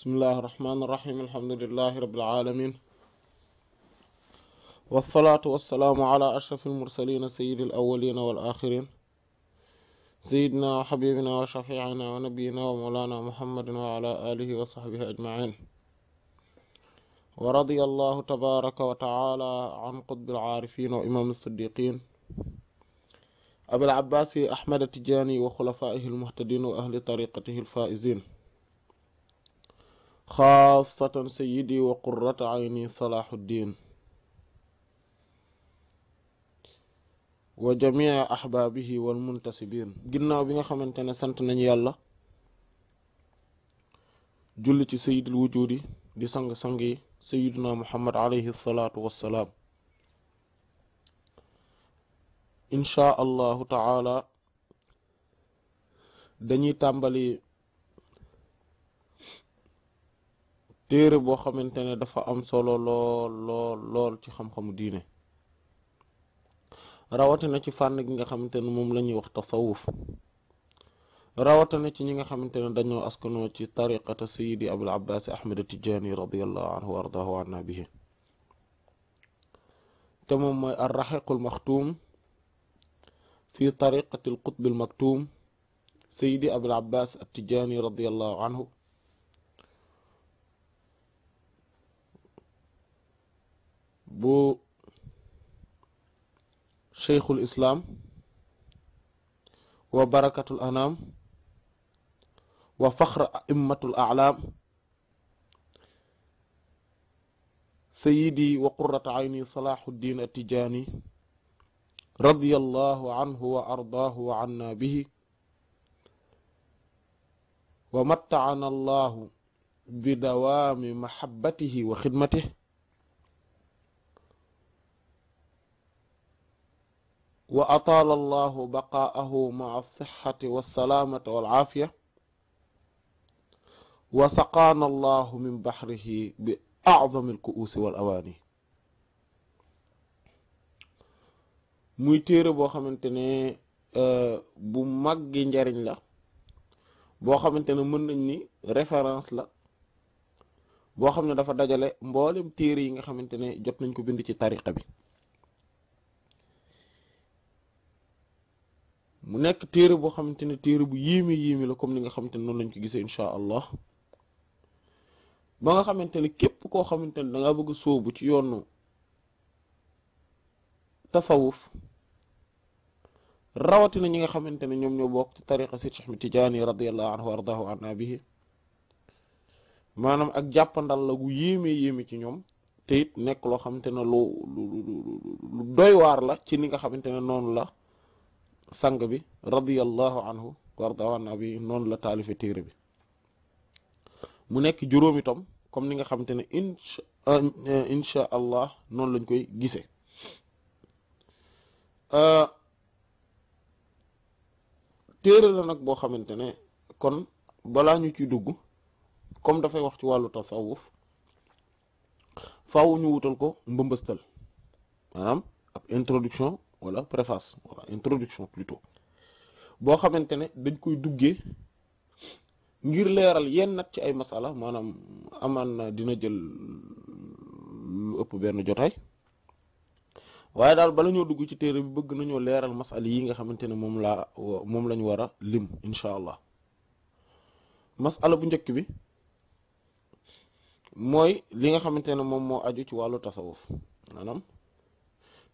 bismillahi irrahmani irrahim alhamdulilahi rabilalamin walsalaatu walsalaamu ala ashraf almursalina sayidi alawalina walaxirin sayidina wa xabibina wa shafiina wa nabiyina wa mawlana muhammadin wa ala alihi wa saxbihi ajmain wa radia allahu tabaraka wa taala an qutbi alcaarifin wa imam alsiddiqin abil abbasi ahmad tijani wa xulafaihi almuhtadin wa ahli tariqatihi alfaizin xaasatan sayidi wa qurrata ayni salaahuddin wa jamii ahbaabihi wal muntasibin ginnaaw bi nga xamante ne sant nañu yàlla julli ci sayidul di sang-sang yi sayiduna muhammad alayhi salaatu wassalaam inchaa allahu taala dañuy tàmbali téere boo xamante ne dafa am solo lool lool lool ci xam-xamu diine rawatina ci fànn gi nga xamante ne moom la ñuy wax tasawuf rawatina ci ñi nga xamante ne dañoo askanoo ci tariqata sayidi abul abbas ahmed tijani radiallahu anhu wa ardahu anna bihi te moom mooy ar raxiqul fi tariqati al qutb al maktum sayidi abul abbas at tijani radiallahu anhu bu cheikhul islaam wa barakatul anaam wa faxr aimmatul alaam sayidi wa qurrata ayni salahuddin attijaani radiyallahu anhu wa ardaahu wa anna bihi wa mattaana allahu bi dawaami mahabbatihi wa xidmatihi wa ataala allahu baqaahu maa sixati walsalaamata walcaafiya wa saqaana allahu min baxrihi bi acdami alkuusi wal awaani muy téere boo xamante ne euh, bu màggi njariñ la boo xamante ne mën nañ ni référence la boo xam ne dafa dajale mboolem téere yi nga xamante ne jot nañ ko bind ci tariqa bi mu nekk téere boo xamante ne téere bu yéeme yéeme la comme ni nga xamante ne noonu lañ ko gisee inchaa allah ba nga xamante ne képp koo xamante ne danga bëgg sóobu ci yoonu tasawuf rawatina ñi nga xamante ne ñoom ñoo bokk ci tariqa Seydi Cheikh Tijaani radiyallahu anhu wa ardahu an abihi maanaam ak jàppandal la gu yéeme yéeme ci ñoom te nekk loo xamante ne lu lu doy waar la ci ni nga xamante ne noonu la sang bi radiyallahu anhu warda an abi noonu la taalife téere bi mu nekk juróomi tom comme ni nga xamante ne incha euh, incha allah noonu lañ koy gisee euh, téere la nag boo xamante ne kon balaa ñu ci dugg comme dafay wax ci wàllu tasawuf faaw ñu wutal ko mbëmbëstal maanaam ab introduction wala préface wala introduction plutôt boo xamante ne dañ koy duggee ngir leeral yenn nag ci ay masala maanaam amaan na dina jël lu ëpp benn jotaay waaye daal bala ñoo dugg ci téere bi bëgg nañoo leeral masala yi nga xamante ne moom laa moom lañ war a lim incha allah masala bu njëkk bi mooy li nga xamante ne moom moo aju ci wàllu tasawuf maanaam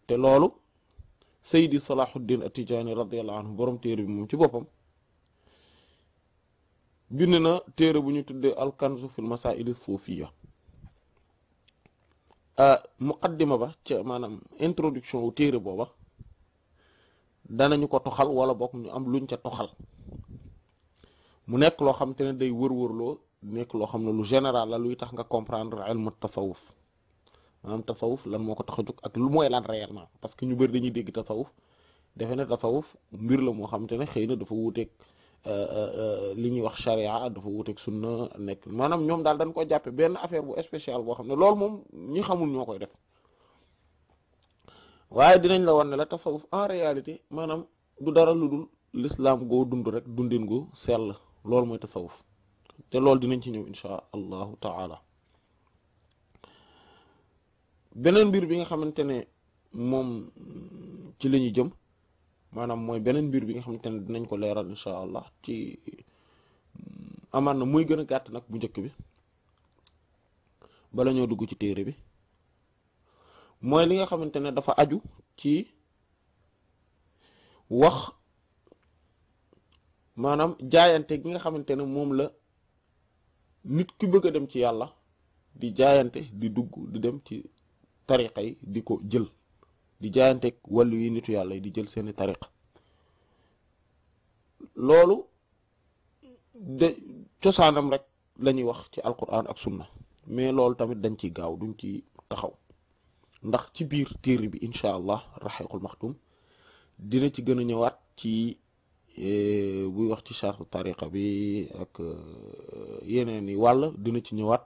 te loolu saydi salahuddin atijaani radiallahu anhu borom téere bi moom ci boppam bind na téere bu ñu tuddee alkanzu fil masaili suufiya muqaddima ba ca maanaam introduction wu téere booba danañu ko toxal wala bokk ñu am luñ ca toxal mu nekk loo xam te ne day wër-wërloo nekk loo xam ne lu général la luy tax nga comprendre a ilmu tasawuf maanaam tasawuf lan moo ko tax a jóg ak lu mooy lan réellement parce que ñu bëri dañuy dégg tasawuf defe ne tasawuf mbir la moo xamante ne xëy na dafa wuuteeg euh, euh, euh, li ñuy wax charia dafa wuuteeg sunna nekk maanaam ñoom daal dañ ko jàppe benn affaire bu spéciale boo xam ne loolu moom ñi xamul ñoo koy def waaye dinañ la wan ne la tasawuf en réalité maanaam du dara lu dul l'islam goo dund rek dundin gu sell loolu mooy tasawuf te loolu dinañ ci ñëw insha allahu beneen mbir bi nga xamante ne moom ci lañuy jëm maanaam mooy beneen mbir bi nga xamante ne dinañ ko leeral incha allah ci amaan na muy gën a gàtt nag bu njëkk bi bala ñoo dugg ci téere bi mooy li nga xamante ne dafa aju ci wax maanaam jaayante gi nga xamante ne moom la nit ki bëgg a dem ci yàlla di jaayante di dugg di dem ci tariqa yi di ko jël di jaayanteeg wàllu yi nitu yàlla yi di jël seeni tariqa loolu de cosaanam rek la ñuy wax ci alquran ak sunna mais loolu tamit dañ ciy gaaw duñ ci taxaw ndax ci biir téere bi incha allah raxiqul maxtum dina ci gën a ñëwaat ci e, buy wax ci chartu tariqa bi ak e, yeneen yi wàll dina ci ñëwaat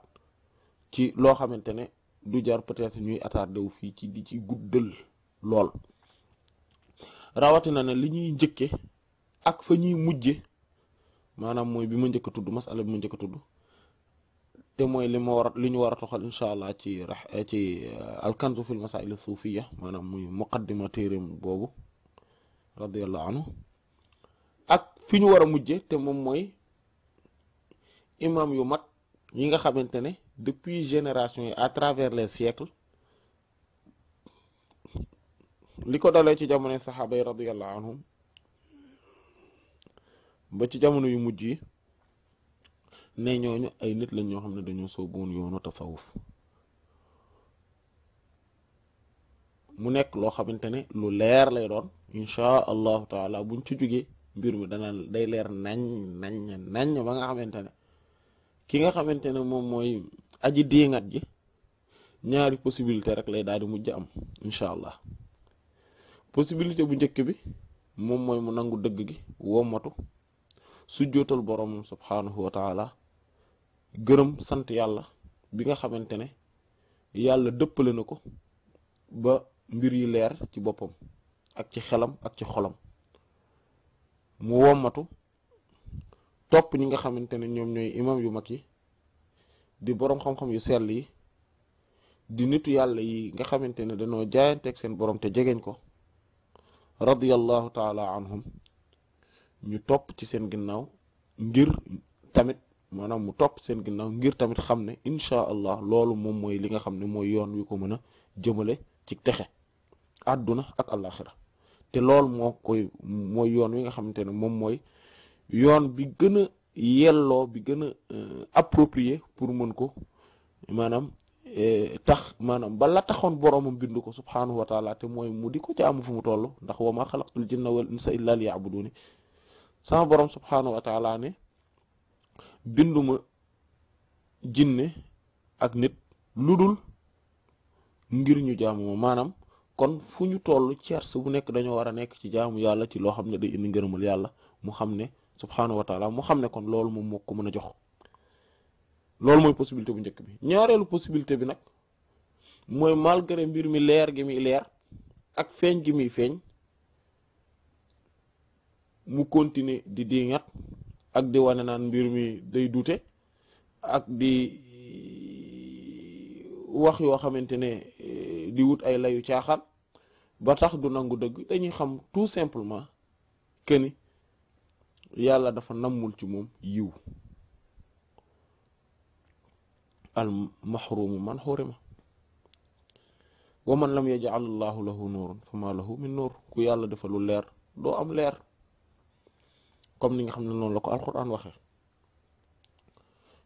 ci loo xamante ne du jar peut-être ñuy attardé wu fii ci di ci guddal lool rawatina na li ñuy njëkke ak fa ñuy mujje maanaam mooy bi ma njëkk tudd masala bi ma njëkk a tudd te mooy li ma war a li ñu war a toxal incha allah ci ci euh, alkanzu fil masail suufiya maanaam muy muqaddima téeréem boobu radiyallahu anhu ak fi ñu war a mujje te moom mooy imam yu mag ñi nga xamante ne depuis génération yi à travers les siècles li ko dalee ci jamonoy saxaaba yi radiyallahu anhum ba ci jamono yu mujj yi ne ñooñu ay nit lañ ñoo xam ne dañoo sooboon yoonu tasawuf mu nekk loo xamante ne lu leer lay doon inchaa allahu taala buñ ci jógee mbir mi dana day leer nañ nañ nañ ba nga xamante ne ki nga xamante moom mooy aji diingat ji ñaari possibilité rek lay daal di mujj am incha allah possibilité bu njëkk bi moom mooy mu nangu dëgg gi wommatu su jootal boroomam subhaanahu wa taala gërëm sant yàlla bi nga xamante ne yàlla dëppale na ko ba mbir yi leer ci boppam ak ci xelam ak ci xolam mu wommatu topp ñi nga xamante ne ñoom ñooy imam yu mag yi di borom xam-xam yu sell yi di nitu yàlla yi nga xamante ne dañoo jaayanteeg seen borom te jegeñ ko radiyallahu taala anhum ñu topp ci seen ginnaaw ngir tamit maanaam mu topp seen ginnaaw ngir tamit xam ne inchaa allah loolu moom mooy li nga xam ne mooy yoon wi ko mën a jëmale ci texe àdduna ak àllaaxira te loolu moo koy mooy yoon wi nga xamante ne moom mooy yoon bi gën yelloo bi gën a euh, approprié pour mën ko maanaam euh, tax maanaam bala taxoon boroomam bindu ko subhaanahu wa taala te mooy mu di ko jaamu fu mu toll ndax wa ma xalaqtul jinna wal insa illa liya'buduni sama borom subhaanahu wa taala ne jinne ak nit lu dul ngir ñu jaamu maanaam kon fu ñu toll su bu nekk dañoo war nekk ci jaamu yàlla ci loo xam ne day indi ngërëmal yàlla mu xam ne subhaanahu wa taala mu xam ne kon loolu moom moo ko mën a jox loolu mooy possibilité bu njëkk bi ñaareelu possibilité bi nag mooy malgré mbir mi leer gi muy leer ak feeñ gi muy feeñ mu continuer di diŋat ak di wane naan mbir mi day duute ak di wax yoo xamante ne eh, di wut ay layu caaxaan ba tax du nangu dëgg dañuy xam tout simplement que yàlla dafa nammul ci moom yiw al mahrumu man xurima wa man lam yaj'al allahu lahu nuuran fa ma lahu min nuur ku yàlla dafa lu leer doo am leer comme ni nga xam ne noonu la ko alquran waxee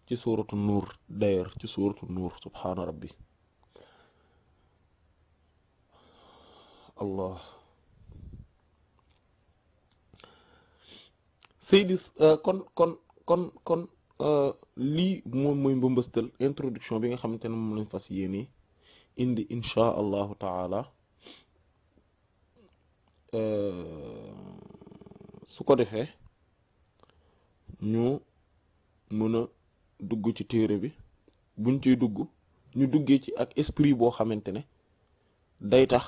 ci suuratu nuur d'ailleurs ci suuratu nuur subhaana rabbi allah Seydi euh, kon kon kon kon euh, lii moom mooy mbëmbëstal introduction bi nga xamante ne moom lañ fas yéene indi insha allahu taala euh, su ko defee ñu mën a dugg ci téere bi buñ ciy dugg ñu duggee ci ak esprit boo xamante ne day tax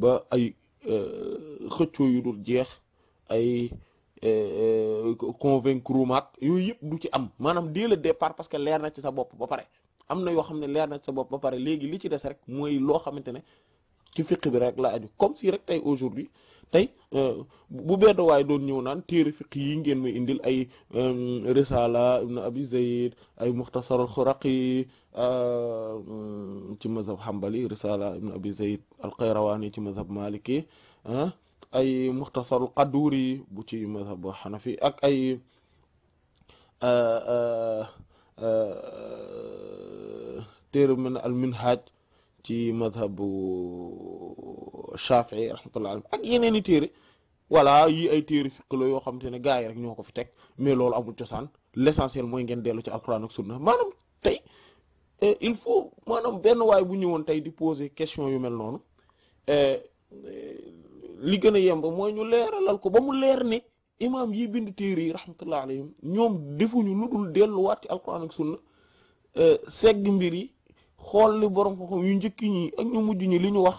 ba ay xëccoo yu dul jeex ay Euh, euh, convaincre maak yooyu yëpp du ci am maanaam dès le départ parce que leer na ci sa bopp ba pare am na yoo xam ne leer na ci sa bopp ba pare léegi li ci des rek mooy loo xamante ne ci fiq bi rek la aju comme si rek tey aujourd'hui tey euh, bu benn waaye doon ñëw naan téere fiq yi ngeen may indil ay risala ibn abi zayd ay muxtasar al-xuraqi ci mazhab xambali risala ibn abi zayd al-qayrawani ci mazhab maliki ay muxtasarul qaduri bu ci mazhabu xanafi ak ay ah, ah, ah, téere mën al minhaj ci mazhabu shafii rahmatullah alayhi ak yeneeni téere voilà yi ay téere fiq la yoo xam te ne gars yi rek ñoo ko fi teg mais loolu amul cosaan l'essentiel mooy ngeen dellu ci alquran ak sunna maanaam tey eh, il faut maanaam benn waay bu ñëwoon tey di poser question yu mel noonu eh, li gën a yemb mooy ñu leeralal ko ba mu leer ne imaam yi bind téere yi rahmatullah alayhim ñoom defuñu lu dul delluwaat ci alquran ak sunna euh, segg mbir yi xool li borom xam yu njëkk ñi ak ñu mujj ñi li ñu wax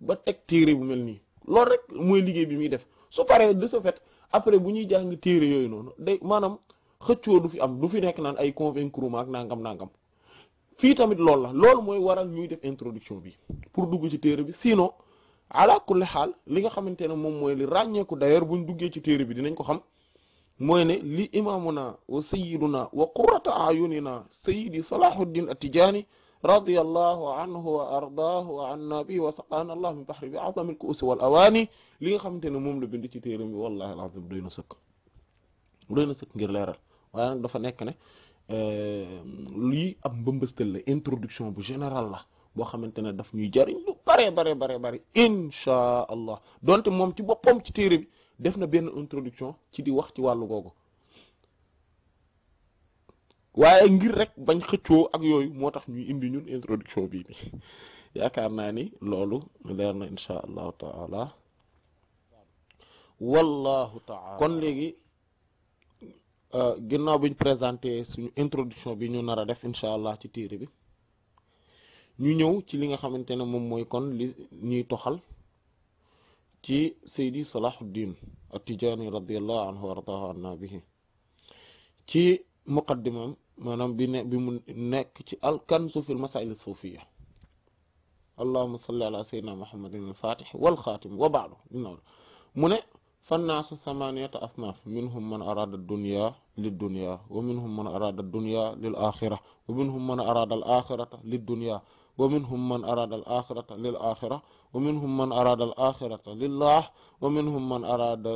ba teg téere bu mel nii loolu rek mooy liggéey bi muy def su paree de ce après bu ñuy jàng téere yooyu noonu day maanaam xëccoo du fi am du fi nekk naan ay convaincre ak nangam nangam fii tamit loolu la loolu mooy waral ñuy def introduction bi téere bi sinon. ala kulli xaal li nga xamante ne moom mooy li ràññeeku d'ailleurs buñ duggee ci téere bi dinañ ko xam mooy ne li imaamuna wa sayyiduna wa qurrata ayunina sayyidi salahuddin at-tijani radiyallahu anhu wa ardaahu wa anna bi wa saqaana allah min bahri bi azamil kuusi wal awaani li nga xamante ne moom la bind ci téere bi wallahi alazim doy na sëkk doy na sëkk ngir leeral waaye dafa nekk ne euh, lii ab mbëmbëstal la introduction bu général la boo xamante ne daf ñuy jariñ bare bare bare bare inchaa allah donte moom ci boppam ci téere bi def na benn introduction ci di wax ci wàllu googu waaye ngir rek bañ xëccoo ak yooyu moo tax ñuy indi ñun introduction bii ni yaakaar naa ni loolu leer na inchaa allahu taala wallahu taala kon léegi euh, ginnaaw ñu présenté suñu introduction bi ñu nar a def incha allah ci téere bi ñu ñëw ci li nga xamante ne moom mooy kon li ñuy toxal ci Seydi Salahuddin At-Tijaani radiyallahu anhu wa ardaahu anna bihi ci muqaddimam maanaam bi ne bi mu nekk ci al-Kanzu fil al as-suufiyya allahumma salli ala sayyidina muhammadin al-faatih wal xaatim wa ba'du mu ne fannaasu samaniyata asnaaf minhum man araada dunya lid dunya wa minhum man araada dunya lil axira wa minhum man araada al axirata lid dunya wa minhum man arada al axirata lil axira wa minhum man arada al axirata lillah wa minhum man arada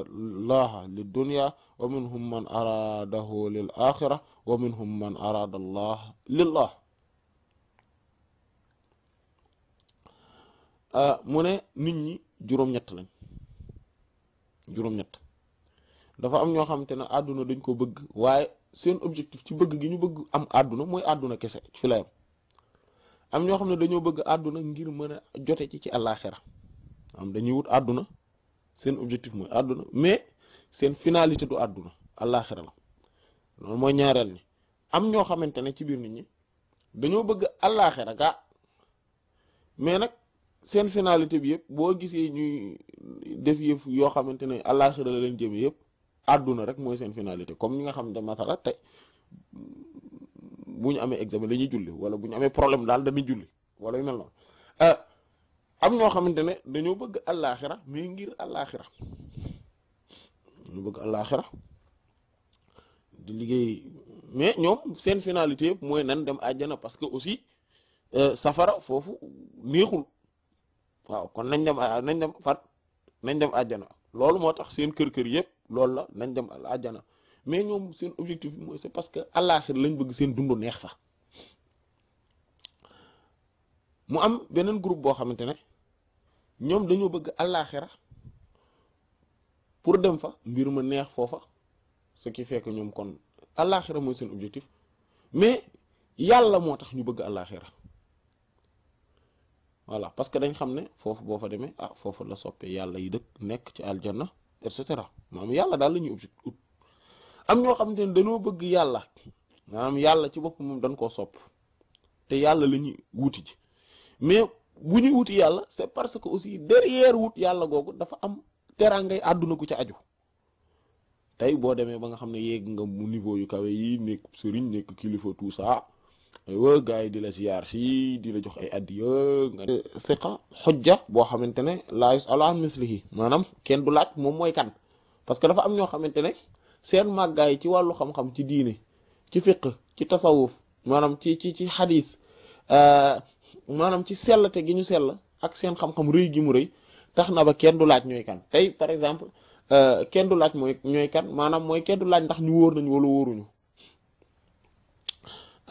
llaha lid dunya wa minhum man aradahu lil axira wa minhum man arada allah lillah ah, mu ne nit ñi juróom-ñett lañ juróom-ñett dafa am ñoo xamante ne àdduna dañ ko bëgg waaye seen objectif ci bëgg gi ñu bëgg am àdduna mooy àdduna kese ci am ñoo xam ne dañoo bëgg àdduna ngir mën jote ci ci àllaaxira am dañuy wut àdduna seen objectif mooy àdduna mais seen finalité du àdduna àllaaxira la loolu mooy ñaareel ni am ñoo xamante ne ci biir nit ñi dañoo bëgg àllaaxira gaa mais nag seen finalité bi yëpp boo gisee ñuy def yëf yoo xamante ne àllaaxira la leen jëme yëpp àdduna rek mooy seen finalité comme ñi nga xam ne masala tey bu ñu amee examen dañuy julli wala bu ñu amee problème daal dañuy julli wala yu mel noonu euh, am ñoo xamante ne dañoo bëgg àllaaxira mais ngir àllaaxira ñu bëgg àllaaxira di liggéey mais ñoom seen finalité yëpp mooy nan dem àjjana parce que aussi euh, safara foofu neexul waaw kon nañ dem nañ dem fat nañ dem àjjana loolu moo tax seen kër kër yëpp loolu la nañ dem àjjana mais ñoom seen objectif bi mooy c'est parce que àllaaxir lañ bëgg seen dund neex fa mu am beneen groupe boo xamante ne ñoom dañoo bëgg àllaaxira pour dem fa mbir ma neex foofa ce qui fait ñoom kon àllaaxira mooy seen objectif mais yàlla moo tax ñu bëgg àllaaxira voilà parce que dañ xam ne foofu boo fa demee ah foofu la soppee yàlla yi dëkk nekk ci aljanna et cetera maanaam yàlla daal la ñuy objectif am ñoo xamante ne dañoo bëgg yàlla maanaam yàlla ci bopp moom dañ koo sopp te yàlla la ñuy wuti ci mais bu ñuy wuti yàlla c'est parce que aussi derrière wut yàlla googu dafa am teraangay àdduna gu ci aju tey boo demee ba nga xam ne yéeg nga mu niveau yu kawe yi nekk sëriñ nekk kilifa tout ça aywa yi di la ziyaar si di la jox ay addiya nga fiqa xujja boo xamante ne laa yus alu an mislihi maanaam kenn du laaj moom mooy kan parce que dafa am ñoo xamante seen màggaay ci wàllu xam-xam ci diine ci fiqh ci tasawuf maanaam ci ci ci xadis euh, maanaam ci sellate gi ñu sell ak seen xam-xam rëy gi mu rëy tax na ba kenn du laaj ñooy kan tey par exemple euh, kenn du laaj mooy ñooy kan maanaam mooy kenn du laaj ndax ñu wóor nañu wala wóoruñu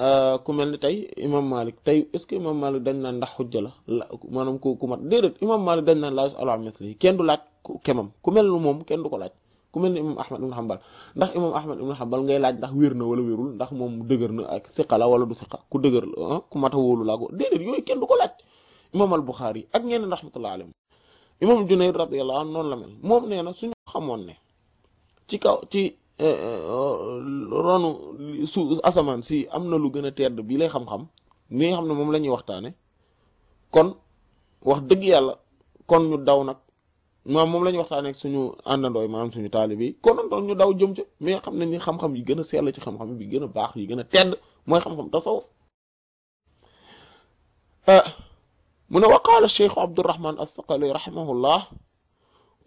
euh, ku mel ni tey imam malik tey ce que imam malik dañ naan ndax xujja la la maanaam ku ku mat déedéet imam malik dañ naan laa yus alu misli kenn du laaj kemam ku mel lu moom kenn du ko laaj ku mel ne imam ahmad ibn hanbal ndax imam ahmad ibn hanbal ngay laaj ndax wér na wala wérul ndax moom dëgër na ak siqa la wala du siqa ku dëgër ah, ku mat a wóolu laa ko déedéet yooyu kenn du ko laaj imam al buxaari ak ñeneen rahmatullah alayhim imam junayd radiyallahu anhu noonu la mel moom nee na suñu xamoon ne ci kaw ci eh, eh, ronu su asamaan si am na lu gën a tedd bii lay xam-xam li nga xam ne moom la ñuy waxtaane kon wax dëgg yàlla kon ñu daw nag maam moom la ñu waxtaanee ak suñu àndandooy maanaam suñu taalibe yi konoon doon ñu daw jëm ca xam nañ ni xam-xam yi gën a sell ci xam-xam bi gën a baax yi gën a tedd mooy xam-xam tasawuf ah, mu ne wa qaala cheikhu abdurrahman as-saqali rahimahullah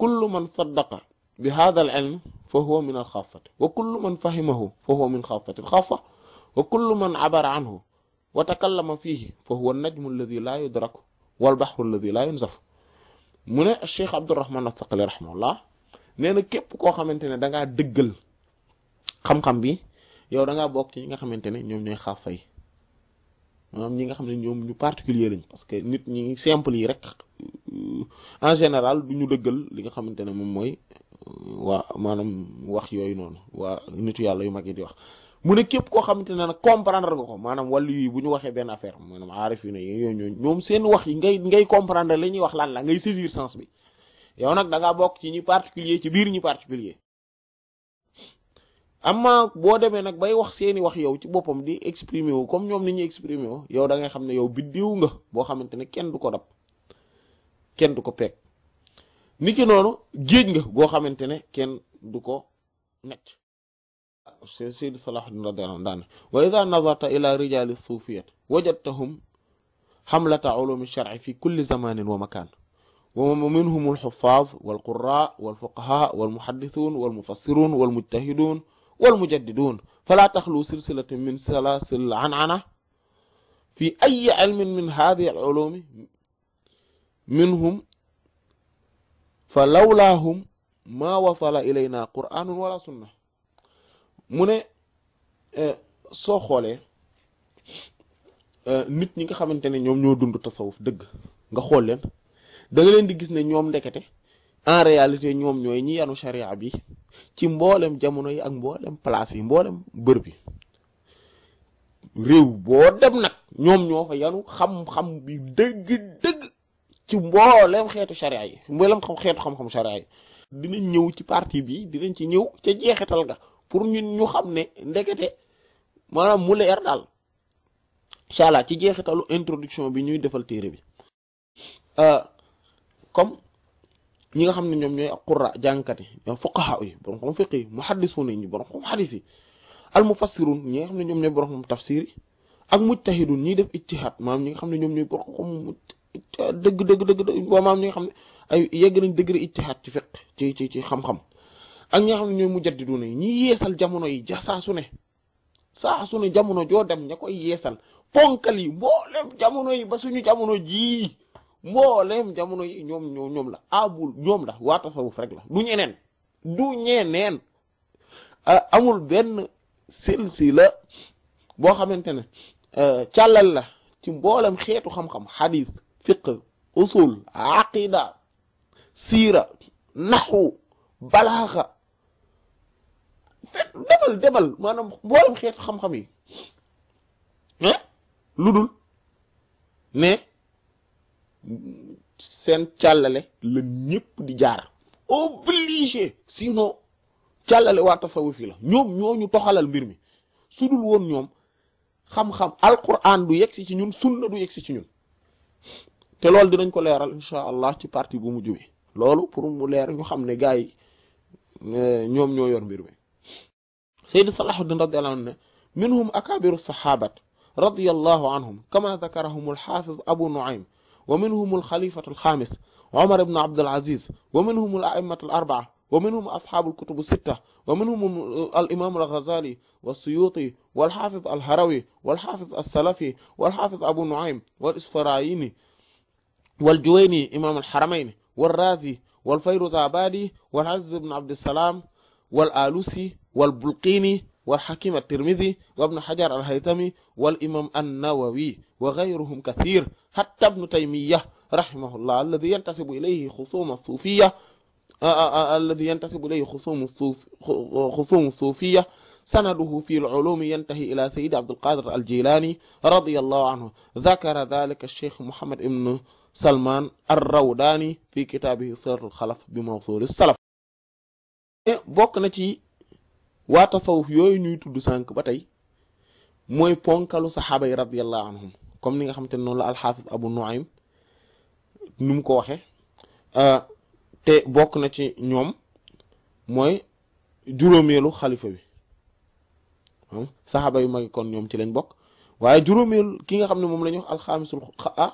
kullu man saddaqa bi hadha al-ilm fa huwa min al-xaasati wa kullu man fahimahu fa huwa min xaasati al-xaasa wa kullu man abara anhu wa takallama fiihi fa huwa an-najmu alladhi la yudraku wal bahru alladhi la yunzafu mu ne Cheikh Abdourahman As-Saqali rahimahullah nee na képp koo xamante ne da ngaa dëggal xam-xam bi yow da ngaa bokk ci ñi nga xamante ne ñoom ñooy xaasa yi ñi nga xam ne ñoom ñu particulier lañ parce que nit ñi simple yi rek en général du ñu dëggal li nga xamante ne moom mooy waa maanaam wax yooyu noonu waa nitu yàlla yu mag yi di wax mu ne képp koo xamante ne nag comprendre nga ko maanaam wàllu yi bu ñu waxee benn affaire maanaam aarif yu ne yooyu ñoom seen wax yi ngay ngay comprendre la ñuy wax lan la ngay saisir sens bi yow nag da bokk ci ñi particulier ci biir ñi particulier amma boo demee nag bay wax seeni wax yow ci boppam di exprimer wu comme ñoom ni ñuy exprimer wu yow da ngay xam ne yow biddiw nga boo xamante ne kenn du ko dab kenn du ko peeg niki noonu géej nga boo xamante ne kenn du ko necc seydi Salahuddin radiyallahu anhu daane wa ida nazarta ila rijali suufiyat wajadtahum xamlata ulumi sharci fi kulli zamanin wa makaan wa minhum alxufaaz walquraa walfuqahaa walmuhaddisuun walmufassiruun walmujtahiduun walmujaddiduun falaa taxlu silsilatu min salaasil anana fi ayi ilmin min haadihi alulumi minhum fa lawlaahum maa wasala ilayna qur'aanun wala sunna mu ne euh, soo xoolee euh, nit ñi nga xamante ne ñoom ñoo dund tasawuf dëgg nga xool leen danga leen di gis ne ñoom ndekete en réalité ñoom ñooy ñi yanu charia bi ci mboolem jamono yi ak mboolem place yi mboolem bër bi réew boo dem nag ñoom ñoo fa yanu xam-xam bi dëgg-dëgg ci mboolem xeetu charia yi mboolem xeetu xam-xam charia yi dinañ ñëw ci partie bi dinañ ci ñëw ca jeexital ga pour ñun ñu xam ne ndekete maanaam mu leer daal incha allah ci jeexitalu introduction bi ñuy defal téere bi euh, comme ñi nga xam ne ñoom ñooy qurra jàngkat yi ñoom fuqaha yi borom xam fiq yi muhaddisuun yi borom xam xadis yi al mufassirun ñi nga xam ne ñoom ñooy borom xam tafsir yi ak mujtahidun ñiy def ijtihaad maanaam ñi nga xam ne ñoom ñooy borom dëgg dëgg dëgg maam ñi nga xam ne ay yegg nañ degré ijtihaad ci fiq ci ci ci xam-xam ak ñi nga xam ne ñooy mujaddiduuna yi ñi yeesal jamono yi ja saa su ne saa ne jamono joo dem ña koy yeesal ponkal yi mbooleem jamono yi ba suñu jamono jii mboolem jamono yi ñoom ñoom la abul ñoom la waa tasawuf rek la du ñeneen neen ñeneen amul benn silsila boo xamante ne càllal la ci mboolem xeetu xam-xam xadis fiqh usul aqida siira naxu balaaxa fet demal demal maanaam mboolem xeetu xam-xam yi ah lu dul mais seen càllale la ñëpp di jaar obligé sinon càllale waa tasawuf yi la ñoom ñoo ñu toxalal mbir mi su dul woon ñoom xam-xam alquran du yegsi ci ñun sunna du yegsi ci ñun te lool dinañ ko leeral incha allah ci partie bu mu bi loolu pour mu leer ñu xam ne gars yi ñoom ñoo yor mbir mi sayyid salahuddin radiyallahu anhu ne minhum akabiru sahabat radiyallahu anhum kama dhakarahum al-hafiz abu nu'aym wa minhum al-khalifatu al-khamis umar ibn abd al-aziz wa minhum al-a'immatu al-arba'a wa minhum ashabu al-kutub as-sittah wa minhum al-imam al-ghazali was-suyuti wal-hafiz al-harawi wal-hafiz as-salafi wal-hafiz abu nu'aym wal-isfarayini wal-juwayni imam al-haramayn wal-razi wal-fayruzabadi wal-aziz ibn abd as-salam wal alusi wal bulqini wal xakim at-tirmidi wa ibnu xajar al-haytami wal imam an-nawawi wa gayruhum kathir xatta ibnu taymiya rahimahullah alladi yantasibu ilayhi xusuma suufiya alladi yantasibu ilayhi xusum xusumu suufiya سنده في العلوم ينتهي إلى سيد عبد القادر الجيلاني رضي الله عنه ذكر ذلك الشيخ محمد بن سلمان الروداني في كتابه سر الخلف بموصول السلف Eh, bokk na ci waa tasawuf yooyu ñuy tudd sànq ba tey mooy ponkalu saxaaba yi radiallahu anhum comme ni nga xamante ne noonu la alxaafis abu nuaym num ko waxe ah, te bokk na ci ñoom mooy juróomeelu xalifa bi hmm? saxaaba yu magi kon ñoom ci leen bokk waaye juróomeelu ki nga xam ne moom la ñuy wax alxaamisul ah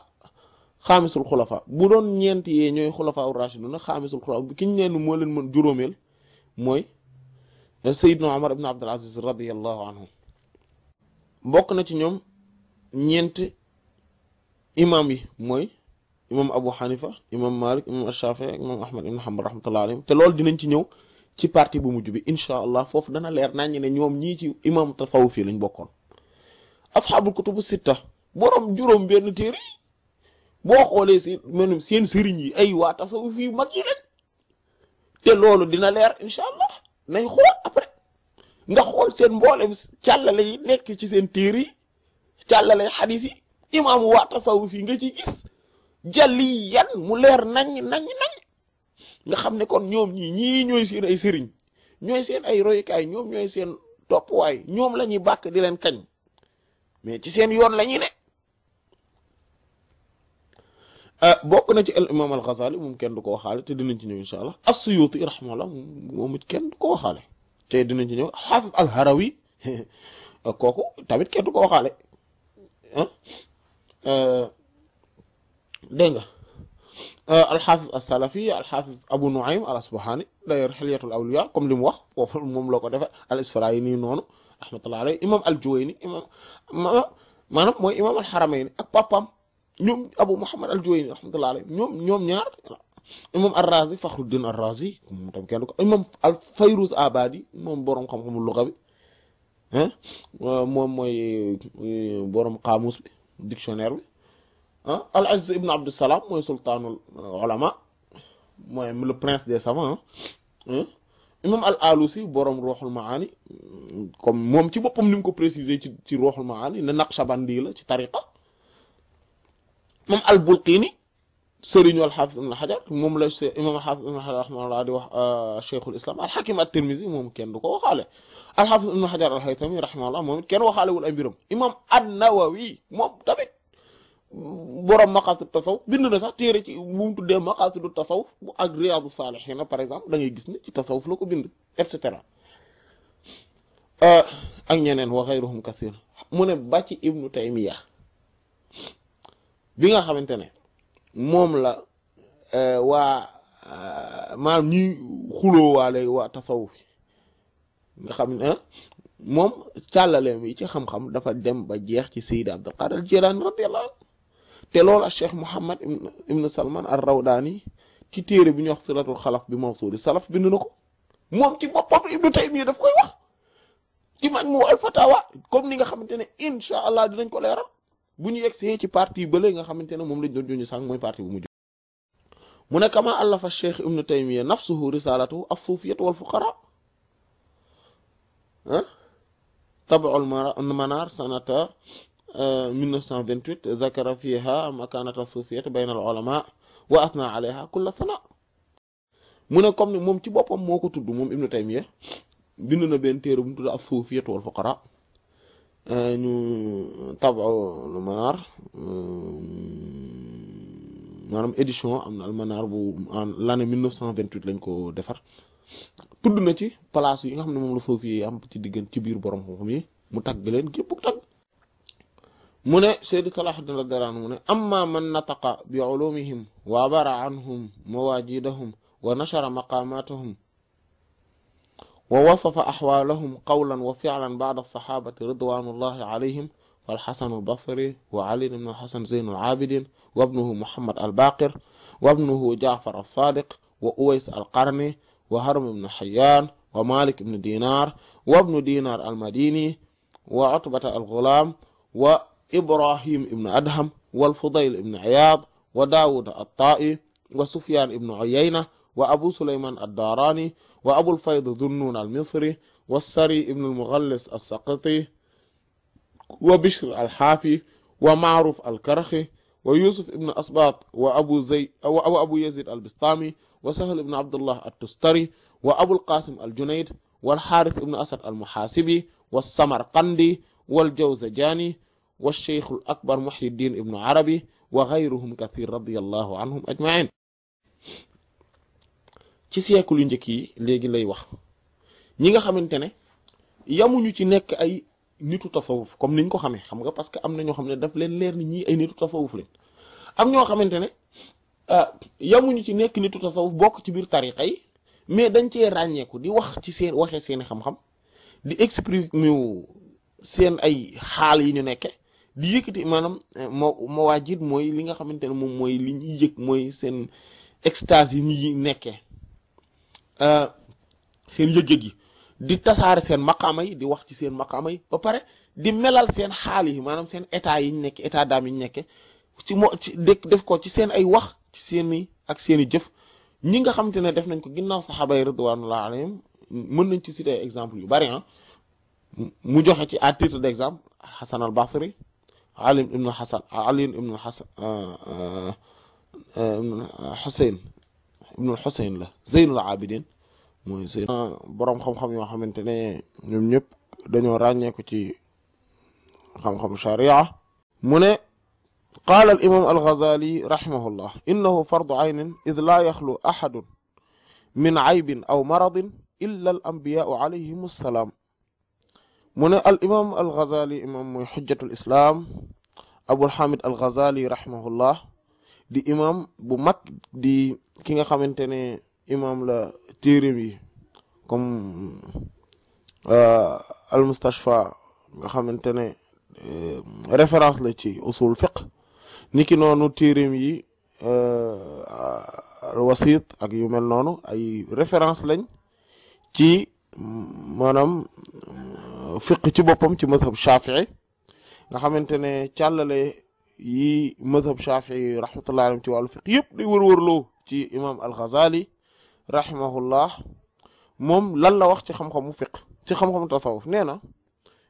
xaamisul xulafa bu doon ñeent yee ñooy xulafa ar-rashiduna xaamisul xulafa ki ñu leen moo leen mën juróomeel mooy Seydina Omar ibn Abdul Aziz radiyallahu anhu bokk na ci ñoom ñeent imam yi mooy imam Abu Hanifa imam Malik imam Shafi imam Ahmad ibn Hanbal rahmatullahi alayhim te lool dinañ ci ñëw ci partie bu mujj bi incha allah foofu dana leer nañ ne ñoom ñii ci imam tasawuf yi lañ bokkoon. asxaabul kutubu sitta borom juróom benn téere boo xoolee si maanaam seen sëriñ yi ay waa tasawuf yu te loolu dina leer incha allah nañ xool après nga xool seen mboolem càllale yi nekk ci seen téere yi càllale xadis yi imaamu waa tasawuf yi nga ci gis jàlli yan mu leer nañ nañ nañ nga xam ne kon ñoom ñii ñii ñooy seen ay sëriñ ñooy seen ay royukaay ñoom ñooy seen toppwaay ñoom la ñuy bàkk di leen kañ mais ci seen yoon la ñuy ne Euh, bokk na ci al imam al kenn du ko waxaale te dinañ ci ñëw incha allah as-Suyuti rahimahullah moom it kenn du waxaale te dinañ ci ñëw Hafiz al Harawi kooku tamit kenn du ko waxaale euh, euh, al asbahani d'ailleurs xilyatul awliya comme li mu wax foofu moom la ko defee al isfarayini noonu rahmatullahi alayhi mooy imam al ak papaam ñoom Abu Muhammad al-Juwayni rahmatullahi alayhi ñoom ñoom ñaar imam ar-Razi Fakhruddin ar-Razi moom tam kenn ko imam al-Fayruz Abadi moom borom xam-xamu luqa bi ah moom mooy borom qaamus bi dictionnaire bi ah al-Izz ibn Abdussalam mooy sultanul ulama mooy le prince des savants imam al-Alusi borom Ruuhul Maani comme moom ci boppam ni mu ko préciser ci ci Ruuhul Maani ne Naqshbandi la ci tariqa. moom al-Bulqiini sëriñu al-Xaafis ibn Xajar moom la imaam al-Xaafis ibn Xajar rahimahullah di wax euh, Cheikhul Islam al-Xakim at-Tirmizi moom kenn du ko waxaale al-Xaafis ibn Xajar al-Haytami rahimahullah moom it kenn waxaale wul ay mbiram imaam an-Nawawi moom tamit borom maqasid tasawuf bind na sax téere ci bu mu tuddee maqasidu tasawuf bu ak Riyaadu Saalihiin par exemple da ngay gis ne ci tasawuf la ko bind et cetera euh, ak ñeneen wa xayruhum kasiir mu ne ba ci Ibnu Taymiya bi nga xamante ne moom la euh, waa euh, maanaam ñuy xuloo waa lay waa nga xam ne ah, moom càllaleem yi ci xam-xam dafa dem ba jeex ci Sayyid Abdul Qadir Jilaani radiyallahu anhu te loolu ak Cheikh Mouhammad ibn Salman ar-Rawdaani ci téere bi ñuy wax Silatul Xalaf bi Mawsuudi salaf bi nunu ko moom ci boppam Ibnu Taymiyya daf koy wax ci man mu al fatawa comme ni nga xamante ne incha allah dinañ ko leeral bu ñu yegsee ci ba bële nga xamante ne moom lañ doon joñu sànq mooy parti bu mujj mu ne kama allafa cheikh ibnu taymiya nafsuhu risalatuhu as-sufiyyat wal fuqara ah tabaul manar sanata 1928 euh, zakara fiha makanat as-sufiyyat bayna al-ulama wa athna alayha kulla sana mu ne comme ne moom ci boppam moo ko tudd moom ibnu taymiya bind na benn téere tudd as-sufiyyat wal fuqara ñu tabaw lu manaar maanaam édition am na almanaar bu en l' année 1928 lañ ko defar tudd na ci place yi nga xam ne moom la foofu yi am ci diggan ci biir borom xam-xam yi mu tagg leen képp mu ne Seydi Salaahuddin Radaraan mu ne amma man nataqa bi ulumihim wa abara anhum mawajidahum wa nashara maqamatahum wa wasafa axwaalahum qawlan wa ficlan bacda alsaxaabati ridwanullahi alayhim falxasanu albasri wa ali ibn alxasan zeyn alcaabidin wa ibnuhu muhammad albaqir wa ibnuhu jaafar alsadiq wa uways alqarni wa harum ibn xayaan wa malik ibn dinar wa ibnu dinar almadini wa cutbata algulaam wa ibrahim ibn adham wa alfudayl ibn ciyaad wa daawud altaai wa sufyaan ibn uyayna wa abu sulayman addaaraani wa abul fayd dunnuun almisri wa sari ibnu almughallis alsaqati wa bishr alxaafi wa maaruf alkarxi wa yusuf ibnu asbaat wa abu zay wa abu yazid albistaami wa sahl ibnu abdullah altustari wa abulqasim aljunayd والحارث بن أسد المحاسبي والسمرقندي والجوزجاني والشيخ الأكبر محي الدين ابن عربي وغيرهم كثير رضي الله عنهم أجمعين ci siècle yu njëkk yi léegi lay wax ñi nga xamante ne yamuñu ci nekk ay nitu tasawuf comme niñ ko xamee xam nga parce que am na ñoo xam ne daf leen leer ni ñii ay nitu tasawuf lañ am ñoo xamante ne ah, yamuñu ci nekk nitu tasawuf bokk ci biir tariqa yi mais dañ cee ràññeeku di wax ci seen waxee seeni xam-xam di exprimer wu seen ay xaal yi ñu nekke di yëkkati maanaam eh, moo mawaajid mooy li nga xamante ne moom mooy li ñuy yëg mooy seen extase yi ñuy nekkee Euh, seen yëg-yëg yi di tasaare seen maqaama yi di wax ci seen maqaama yi ba pare di melal seen xaal yi maanaam seen état yi ñu nekk état d'âme yi ñu nekke ci moo ci def ko ci seen ay wax ci seeni ak seeni jëf ñi nga xamante ne def nañ ko ginnaaw saxaaba yi ridwanullahi alayhim mën nañ ci citer exemple yu bari ah. mu joxe ci à titre d'exemple Hasan al-Basri Ali ibn Hasan Ali ibn Hasan euh, euh, Hussein ibnul xuseyn la zeynul abidin mooy zeyn ah, boroom xam-xam yoo xamante ne ñoom ñëpp dañoo ràññeeku ci xam-xam sharia mu ne qaala al imam alghazali rahimahullah innahu fardu aynin id laa yaxlu axadun min aybin aw maradin illa al anbiyaau alayhim assalaam mu ne al imam alghazali imam mooy xujjatul islaam abulhamid alghazali rahimahullah di imam bu mag di ki nga xamante ne imam la téeréem yi comme euh, almustashfa nga xamante ne euh, référence la ci usul fiqh niki noonu téeréem yi alwasit euh, ak yu mel noonu ay référence lañ ci maanaam fiqh ci boppam ci mazhab shafii nga xamante ne yi mazhab shafii rahmatullah alayhi ci wàllu fiq yëpp day wërwërloo ci imam al-Ghazali rahimahullah moom lan la wax ci xam-xamu fiq ci xam-xamu tasawuf nee na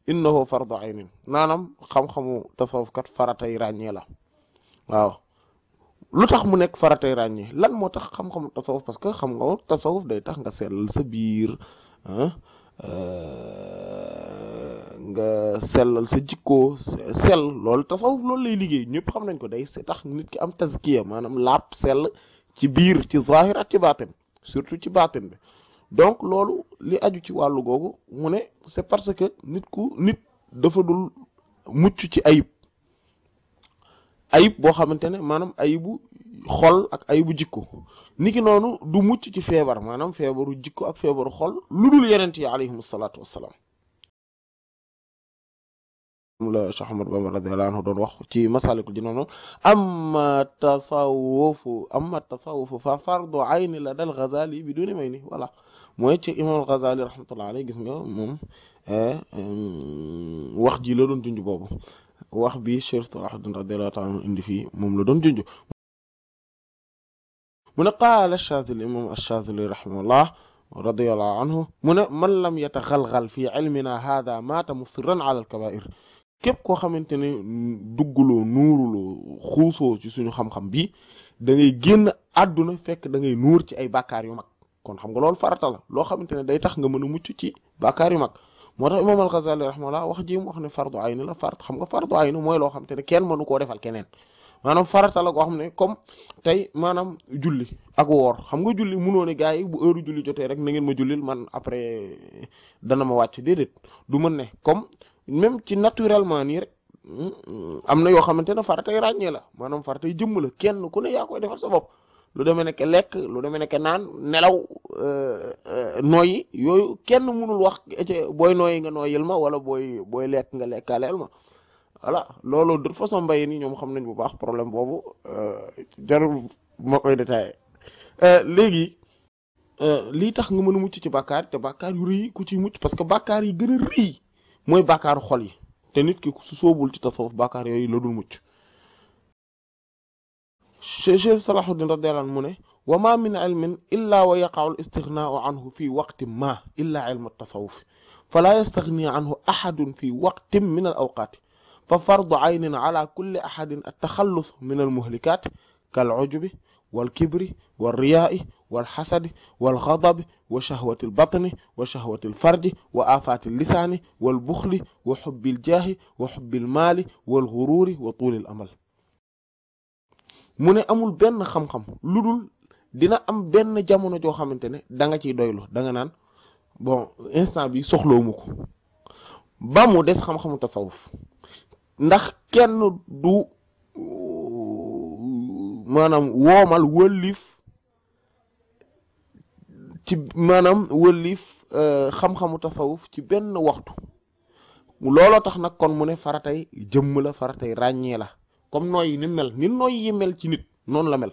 innahu fardu aynin naanam xam-xamu tasawuf kat faratay ràññee la waaw lu tax mu nekk faratay ràññee lan moo tax xam-xamu tasawuf parce que xam nga tasawuf day tax nga sellal sa biir ah, euh, nga sellal sa jikkoo sell loolu tasawuf loolu lay liggéey ñëpp xam nañ ko day tax nit ki am tazkiya maanaam laab sell ci biir ci zahir ak ci baatin surtout ci baatin bi donc loolu li aju ci wàllu googu mu ne c'est parce que nit ku nit dafa dul mucc ci ayib ayib boo xamante ne maanaam ayibu xol ak ayibu jikko ki noonu du mucc ci feebar maanaam feebaru jikko ak feebaru xol lu dul yenent yi alayhim salaatu wassalaam moom la Cheikh Ahmad Bamba radiyallahu anhu doon wax ci masalikul jinaan noonu amma tasawufu amma tasawufu fa fardu ayni la dal Ghazali bi duni may ni voilà mooy ci imam Ghazali rahmatullahi alayhi gis nga moom eh, mm, wax ji la doon junj boobu wax bi Cheikh Salahuddin radiyallahu ta'ala anhu indi fii moom la doon junj mu ne qaala Shazili imam Shazili rahimahullah radiyallahu anhu mu ne man lam yataxalxal fi ilmina hada mata musirran ala al kabair képp koo xamante ne dugguloo nuuruloo xuusoo ci suñu xam-xam bi da ngay génn àdduna fekk da ngay nuur ci ay bàkkaar yu mag kon xam nga loolu farata la loo xamante ne day tax nga mën a mucc ci bàkkaar yu mag moo tax imam al-Ghazali rahimahullah wax ji mu wax ne ay ayni la fard xam nga fardu ayni mooy loo xamante ne kenn mënu ko defal keneen maanaam faratal la goo xam ne comme tey maanaam julli ak woor xam nga julli munoo ne gars yi bu heure julli jotee rek na ngeen ma jullil man après dana ma wàcc déedéet du mën ne même ci naturellement nii rek am na yoo xamante ne faratay ràññee la maanaam faratay jëmm la kenn ku ne yaa koy defar sa bopp lu demee nekk lekk lu demee nekk naan nelaw euh, euh, nooyi yooyu kenn mënul wax eh, booy nooyi nga nooyil ma wala booy booy lekk nga lekkaaleel ma voilà loolu de façon mbay ni ñoom xam nañ bu baax problème boobu euh, jarul ma koy détaillé léegi lii tax nga man a mucc ci bàkkaar te bàkkaar yu rëy ku ci mucc parce que bàkkaar yi gën a rëy mooy bàkkaaru xol yi te nit ki su soobul ci tasawuf bàkkaar yooyu la dul mucc cheikh salahuddin radiyallahu anhu mu ne wa ma min ilmin illa wa yaqa'u al-istighnaa'u anhu fi waqtin ma illa ilmu at-tasawuf fala yastaghni anhu ahadun fi waqtin min al-awqaati fa fardu aynin ala kulli ahadin at-takhallus min al-muhlikaat kal-'ujubi wal kibri wal riyaai wal xasadi wal xadabi wa shahwatil batni wa shahwatil farji wa afaatil lisaani wal buxli wa xubbil jaahi wa xubbil maali wal xuruuri wa tuulil amal mu ne amul benn xam-xam lu dul dina am benn jamono joo xamante ne da nga ciy doylu da nga naan bon instant bi soxloomu ko ba mu des xam-xamu tasawuf ndax kenn du maanaam woomal wëllif ci maanaam wëllif euh, xam-xamu tasawuf ci benn waxtu looloo tax nag kon mu ne faratay jëmm la faratay ràññee la comme nooy ni mel ni nooy yi mel ci nit noonu la mel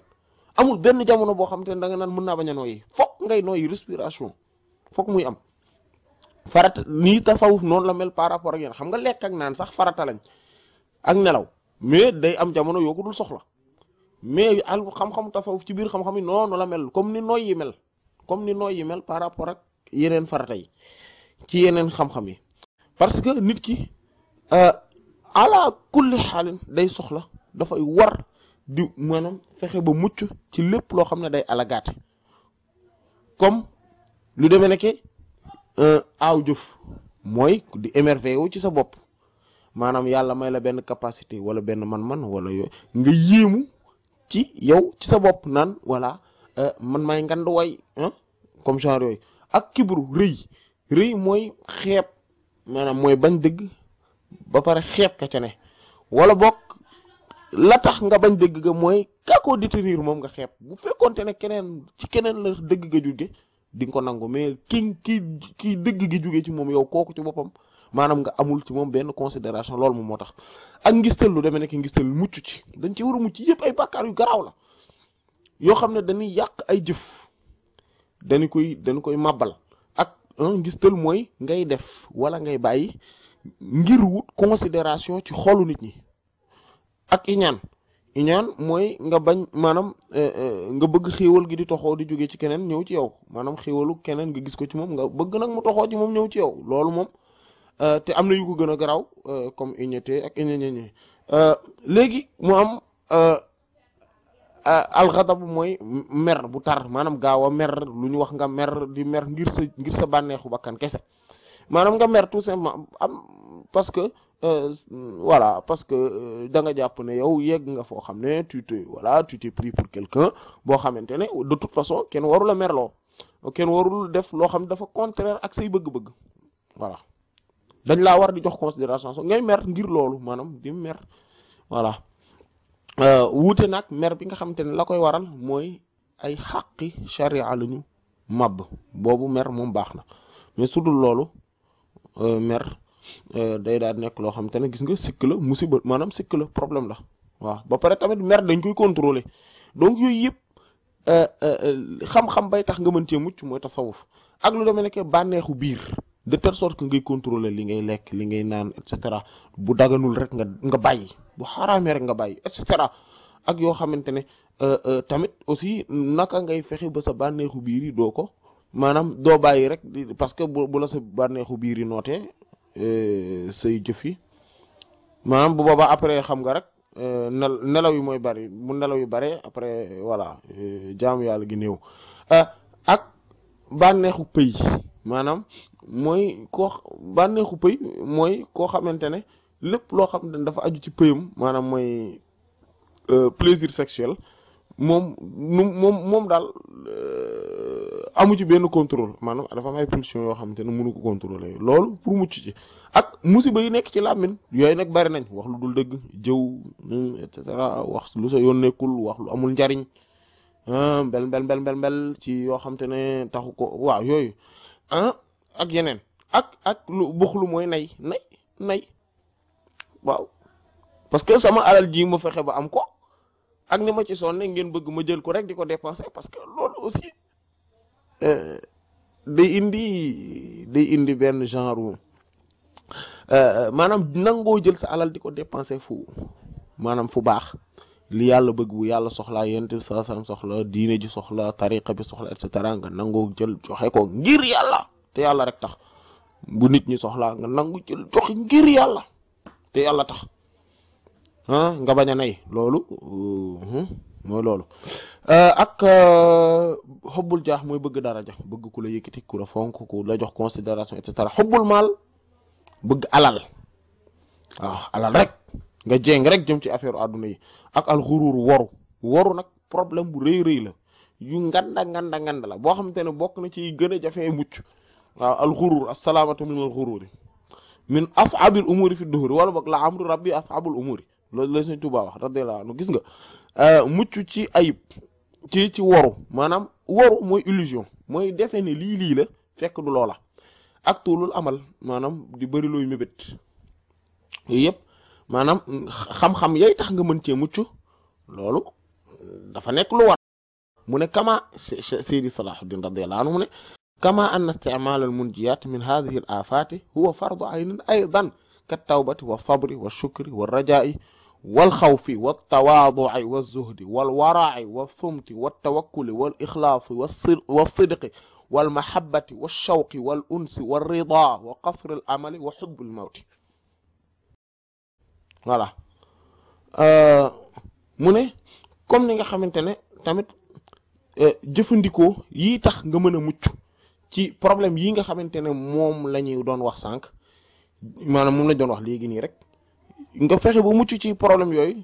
amul benn jamono boo xam te ne da naan mën naa bañ nooy nooyi fokk ngay nooy respiration fokk muy am farata nii tasawuf noonu la mel par rapport a yéen xam nga lekk ak naan sax farata lañ ak nelaw mais day am jamono yoo ko dul soxla mais al xam-xam tasawuf ci biir xam-xam yi noonu la mel comme ni noy yi mel comme ni noy yi mel par rapport ak yeneen farata yi ci yeneen xam-xam yi parce que nit ki euh, ala kulli xaalin day soxla dafay war di maanaam fexe ba mucc ci lépp loo xam ne day alagaate comme lu demee nekke euh, aaw jëf mooy di émerveillé ci sa bopp maanaam yàlla may la benn capacité wala benn man-man wala yooyu nga yéemu ci yow ci sa bopp naan voilà euh, man maay ngandu way comme genre yooyu ak kibru rëy rëy mooy xeeb maanaam mooy bañ dëgg ba pare xeeb ka ca ne wala boog la tax nga bañ dëgg ga mooy ka ko détenir moom nga xeeb bu fekkoonte ne keneen ci keneen la dëgg ga juge di ko nangu mais ki ki kii dëgg gi juge ci moom yow kooku ci boppam maanaam nga amul ci moom benn considération loolu moom moo tax ak ngistal lu demee nekk ngistal mucc ci dañ ci war a mucc yëpp ay bàkkaar yu garaaw la yoo xam ne dañuy yàq ay jëf dañu koy dañu koy màbbal ak ngistal mooy ngay def wala ngay bàyyi ngir wut considération ci xoolu nit ñi ak iñaan iñaan mooy nga bañ maanaam eh, eh, nga bëgg xéewal gi di toxoo di jóge ci keneen ñëw ci yow maanaam xéewalu keneen nga gis ko ci moom nga bëgg nag mu toxoo ci moom ñëw ci yow loolu moom Euh, te am na yu ko gën a garaw euh, comme unité ak unéñéñe euh, léegi mu am alxadab mooy mer bu tar maanaam gaaw a mer lu ñu wax nga mer di mer ngir sa ngir sa bànneexu bakkan kese maanaam nga mer tout simplement am parce que voilà parce que da nga jàpp ne yow yegg nga foo xam ne tu te voilà tu t'es pris pour quelqu'un boo xamante ne de toute façon kenn warul a merloo kenn warul def loo xam ne dafa contraire ak say bëgg-bëgg voilà dañ laa war di jox considération so ngay mer ngir loolu maanaam di mer voilà euh, wuute nag mer bi nga xamante ne la koy waral mooy ay xaqi charia la ñu màbb boobu mer moom baax na mais su dul loolu euh, mer euh, day daal nekk loo xamante ne gis nga sikk la maanaam sikk problème la waaw ba pare tamit mer dañ koy contrôler donc yooyu yëpp xam-xam bay tax nga mën cee mucc mooy tasawuf ak lu demee nekke bànneexu biir de telle sorte que ngay contrôler li ngay lekk li ngay naan et cetera bu daganul rek nga nga bàyyi bu xaraamee rek nga bàyyi et cetera ak yoo xamante ne euh, euh, tamit aussi naka ngay fexe ba sa bànneexu biir yi doo ko maanaam doo bàyyi rek parce que bu la sa bànneexu biir yi nootee euh, say jëf maanaam bu boobaa après xam nga rek nelaw yi mooy bari bu nelaw yi bare après voilà jaamu yàlla gi néew ak bànneexu pëy maanaam mooy koo bànneexu pëy mooy koo xamante ne lépp loo xam ne dafa aju ci pëyam maanaam mooy euh, plaisir sexuel moom nu moom moom daal euh, amu ci benn contrôle maanaam dafa am ay pulsion yoo xamante ne mënu ko contrôler loolu pour mucc ci ak musiba yi nekk ci làmmiñ yooyu nag bari nañ wax lu dul dëgg jëw hmm, et cetera wax lu sa yoon nekkul wax lu amul njariñ ah, mbel mbel ci yoo xamante ne taxu ko waaw yooyu ah ak yeneen ak ak lu buxlu mooy nay nay nay waaw parce que sama alal ji ma fexe ba am ko ak ni ma ci ne ngeen bëgg ma jël ko rek di ko dépenser parce que loolu aussi euh, day indi day indi benn genre euh, maanaam nangoo jël sa alal di ko dépenser fu maanaam fu baax li yàlla bëgg bu yàlla soxlaa yonent bi sallallahu soxla diine ji soxla tariqa bi soxla et cetera nga nangoo jël joxe ko ngir yàlla te yàlla rek tax bu nit ñi soxlaa nga nangu jël ngir yàlla te yàlla tax nga bañ a nay loolu euh, hmm, mooy loolu euh, ak xobbul euh, jaax mooy bëgg dara daraja bëgg ku la yëkkati ku la fonk ku la jox considération et cetera xobbul maal bëgg alal ah, alal rek nga jéng rek jëm ci affaire adduna yi ak alxuruur woru woru nag problème bu rëy rëy la yu nganda nganda nganda la boo xamante ne bokk na ci gën a jafee mucc waaw alxuruur asalaamatu min alxuruuri min asaabil umuri fi duhuri wala boog la amru rabbi asaabul umuri loolu la Sëriñ Tuubaa wax radiyallaahu anhu gis nga euh, mucc ci ayib ci ci woru maanaam woru mooy illusion mooy defe ne lii lii la fekk du loola ak tuulul amal maanaam di bëri looy mébét yooyu yëpp maanaam xam-xam yay tax nga mën cee mucc loolu dafa nekk lu war mu ne kama seydi salahuddin radiyallahu anhu mu ne kama an isti'mal al munjiyat min hadhihi al afati huwa fardu aynin aydan ka tawbati wa sabri wa shukri wa rajai wal xawfi wa tawaaduci wa zuhdi wal waraaci wa sumti wa tawakkuli wal ikhlaasi wa sidqi wal mahabbati wa shawqi wal unsi wa ridaa wa qasri al amali wa xubbi al mawti voilà euh, mu ne comme ni nga xamante ne tamit euh, jëfandikoo yii tax nga mën a mucc ci problème yi nga xamante ne moom la ñuy doon wax sànq maanaam moom lañ doon wax léegi nii rek nga fexe ba mucc ci problème yooyu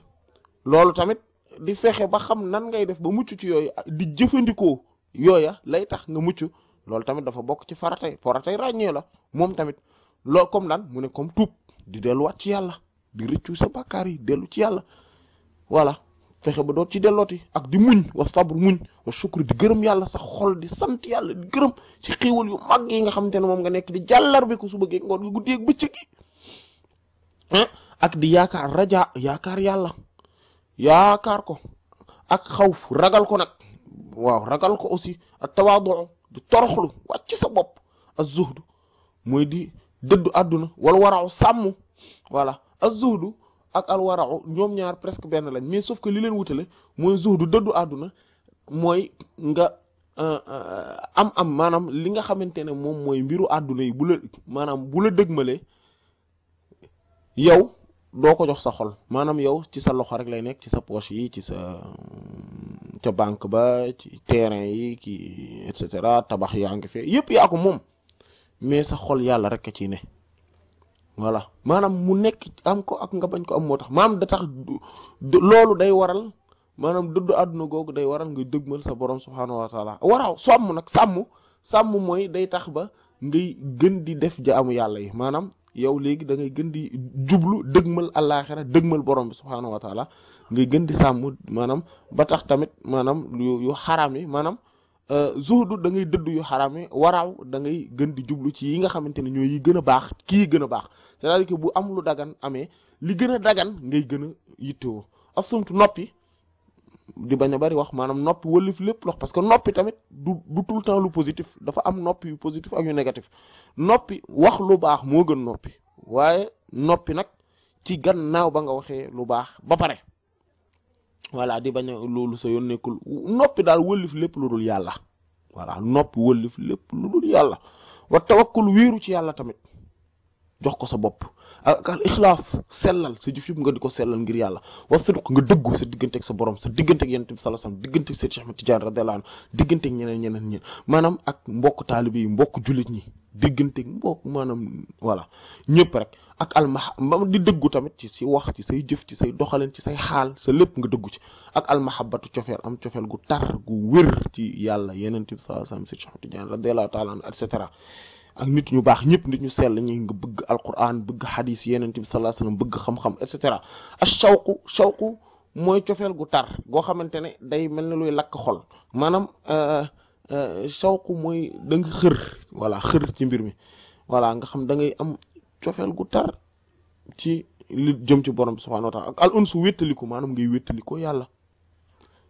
loolu tamit di fexe ba xam nan ngay def ba mucc ci yooyu di jëfandikoo yooya lay tax nga mucc loolu tamit dafa bokk ci faratay faratay ràññee la moom tamit loo comme lan mu ne comme tuub di delluwaat ci yàlla di rëccu sa bàkkaar yi dellu ci yàlla voilà fexe ba doot ci dellooti ak di muñ wa sabr muñ wa shukr di gërëm yàlla sa xol di sant yàlla di gërëm ci xéewal yu mag nga xamante ne moom nga nekk di jàllar bi ko su bëggee ngoon gi guddeeg bëccëg gi ak di yaakaar raja yaakaar yàlla yaakaar ko ak xawf ragal ko nag waaw ragal ko aussi ak tawaadu di toroxlu wàcc sa bopp ak zuhdu mooy di dëddu àdduna wala waraaw sàmm voilà a zuhdu ak al ñoom ñaar presque benn lañ mais sauf que li leen wutale mooy zuhdu dëddu àdduna mooy nga euh, euh, am am maanaam li nga xamante ne moom mooy mbiru àdduna yi bu la maanaam bu la dëgmalee yow doo ko jox sa xol maanaam yow ci sa loxo rek lay nekk ci sa poche yi ci sa euh, ca banque ba ci terrain yi ki et tabax yaa ngi fee yépp yaa ko moom mais sa xol yàlla rek a ci ne voilà maanaam mu nekk am ko ak nga bañ ko am moo tax maanaam da tax loolu day waral maanaam dëddu àdduna googu day waral nga dëgmal sa borom subhaanahu wa taala waraaw sàmm nag sàmm sàmm mooy day tax ba ngay gën di def jaamu yàlla yi maanaam yow léegi da ngay gën di jublu dëgmal àllaaxira dëgmal borom bi subhaanahu ngay gën di sàmm maanaam ba tax tamit maanaam yu yu xaraam yi maanaam Euh, zuhdu da ngay dëdd yu xaraam yi waraaw da ngay gën di jublu ci yi nga xamante ne ñooy yi gën a baax kii gën a baax c'est-à-dire bu am lu dagan amee li gën a dagan ngay gën a yittewoo asumtu noppi di bañ a bari wax maanaam noppi wëlif lépp lox parce que noppi tamit du du tout le temps lu positif dafa am noppi yu positif ak yu négatif noppi wax lu baax moo gën noppi waaye noppi nag ci gannaaw ba nga waxee lu baax ba pare voilà di bañ a loolu sa yoon nekkul noppi daal wëllif lépp lu dul yàlla voilà noppi wëllif lépp lu dul yàlla wa tawakkul wiiru ci yàlla tamit jox ko sa bopp ak ah, al ixlaas sellal sa jëf yëpp nga di ko sellal ngir yàlla wa ko nga dëggu sa digganteeg sa borom sa digganteeg yonent bi sallallahu alayhi wasallam digganteeg Seex Ahmad Tijaan radiyallahu anhu digganteeg ñeneen ñeneen ñi maanaam ak mbokk taalibe yi mbokk jullit ñi digganteeg mbokk maanaam voilà ñëpp rek ak almaha di dëggu tamit ci si wax ci say jëf ci say doxalin ci say xaal sa lépp nga dëggu ci ak almahabatu cofeel am cofeel gu tar gu wér ci yàlla yonent bi sa alayhi wasallam Seex Ahmad Tijaan radiyallahu taala anhu et cetera ak nit ñu baax ñëpp nit ñu sell ñi nga bëgg alquran bëgg xadis yeneen bi sallallahu alayhi wasallam bëgg xam-xam et cetera ak shawqu shawqu mooy cofeel gu tar goo xamante ne day mel ne luy lakk xol maanaam euh, euh, shawqu mooy da nga xër voilà ci mbir mi voilà nga xam da ngay am cofeel gu tar ci li jëm ci borom bi subhaanahu wa taala ak al unsu wéttaliku maanaam ngay wéttalikoo yàlla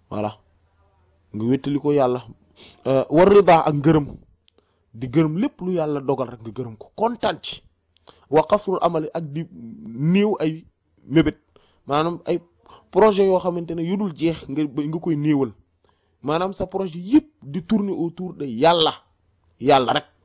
voilà nga wéttalikoo yàlla euh, war rida ak ngërëm di gërëm lépp lu yàlla dogal rek nga gërëm ko kontaan ci wa qasrul amali ak di néew ay mébét maanaam ay projet yoo xamante ne yu dul jeex nga nga koy néewal maanaam sa projet yëpp di tourner autour de yàlla yàlla rek